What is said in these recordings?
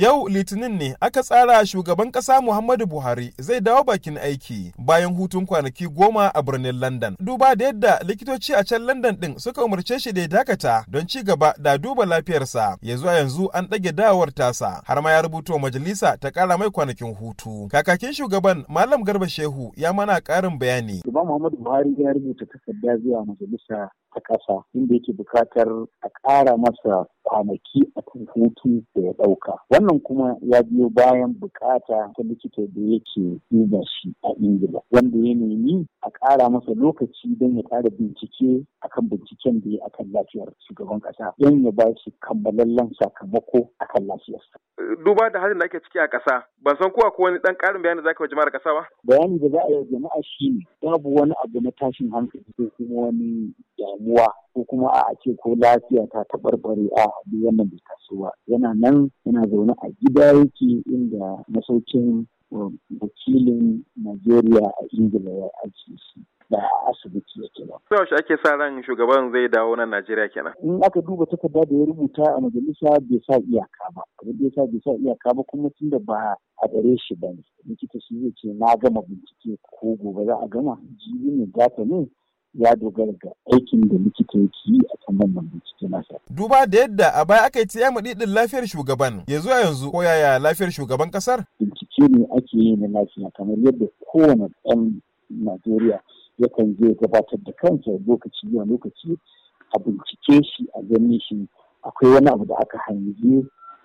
Yau Litinin ne aka tsara shugaban ƙasa Muhammadu Buhari zai dawo bakin aiki bayan hutun kwanaki goma a birnin London. Duba da yadda likitoci a can London ɗin suka umarce shi da ya dakata don ci gaba da duba lafiyarsa. Ya zuwa yanzu an ɗage dawowar tasa har ma ya rubuta majalisa ta ƙara mai kwanakin hutu. Kakakin shugaban Malam Garba Shehu ya mana ƙarin bayani. Shugaban Muhammadu Buhari ya rubuta takarda zuwa majalisa ta ƙasa inda yake buƙatar a ƙara masa kwanaki a kan hutu da ya ɗauka. Wannan kuma ya biyo bayan bukata ta likita da yake duba shi a Ingila, wanda ya nemi a ƙara masa lokaci don ya ƙara bincike akan binciken da ya akan lafiyar shugaban ƙasa don ya ba shi kammalallen sakamako akan lafiyarsa. Duba da halin da ake ciki a ƙasa, ban san kowa ko wani ɗan ƙarin bayani da za ka yi jama'ar ƙasa ba? Bayani da za a yi jama'a shi ne babu wani abu na tashin hankali ko kuma wani damuwa ko kuma a ce ko lafiya ta taɓarɓare a duk wannan bai taso ba yana nan yana zaune a gida yake inda masaukin um, wakilin Najeriya a Ingila ya ake shi da asibiti yake ba. Sau shi ake sa ran shugaban zai dawo nan Najeriya kenan. In aka duba takarda da ya rubuta a majalisa bai sa iyaka ba. Abin da sa bai sa iyaka ba kuma tun da ba a gare shi ba ne. Likita shi zai ce na gama bincike ko gobe za a gama jibi ne gata ne ya dogara ga aikin da likita yake yi a kan wannan bincike nasa. Duba da yadda a baya aka yi ta yamma ɗiɗin lafiyar shugaban ya zuwa yanzu ko yaya lafiyar shugaban ƙasar? Bincike ne ake yi na lafiya kamar yadda kowane ɗan Najeriya yakan je gabatar da kansa lokaci zuwa lokaci a bincike shi a ganin shi akwai wani abu da aka hangi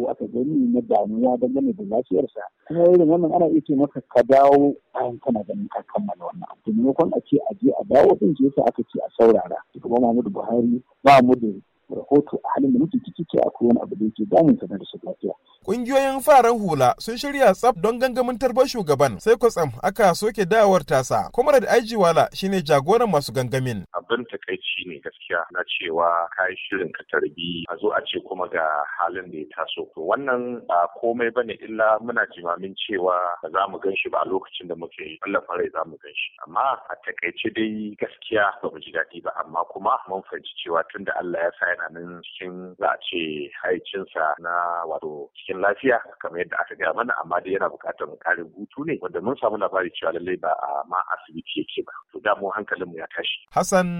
ko aka gani na damuwa gane da lafiyarsa kuma irin wannan ana iya maka ka dawo bayan kana ganin ka kammala wannan abu maimakon a ce a je a dawo din ce yasa aka ce a saurara kuma mamudu Buhari ba mu da rahoto a halin da mutum ciki ke akwai wani abu da yake damun sa da su lafiya. Kungiyoyin fararen hula sun shirya tsaf don gangamin tarbar shugaban sai kwatsam aka soke dawowar tasa. da aji Aijiwala shine jagoran masu gangamin. babban takaici ne gaskiya na cewa yi shirin ka tarbi a zo a ce kuma ga halin da ya taso to wannan ba komai bane illa muna jimamin cewa ba za mu gan shi ba a lokacin da muke wallafa rai za mu gan shi amma a takaice dai gaskiya ba mu ji daɗi ba amma kuma mun fahimci cewa tun da Allah ya sa yana nan cikin za a ce haicinsa na wato cikin lafiya kamar yadda aka gaya mana amma dai yana buƙatar ƙarin hutu ne wanda mun samu labari cewa lallai ba a ma asibiti yake ba to da mu hankalinmu ya tashi Hassan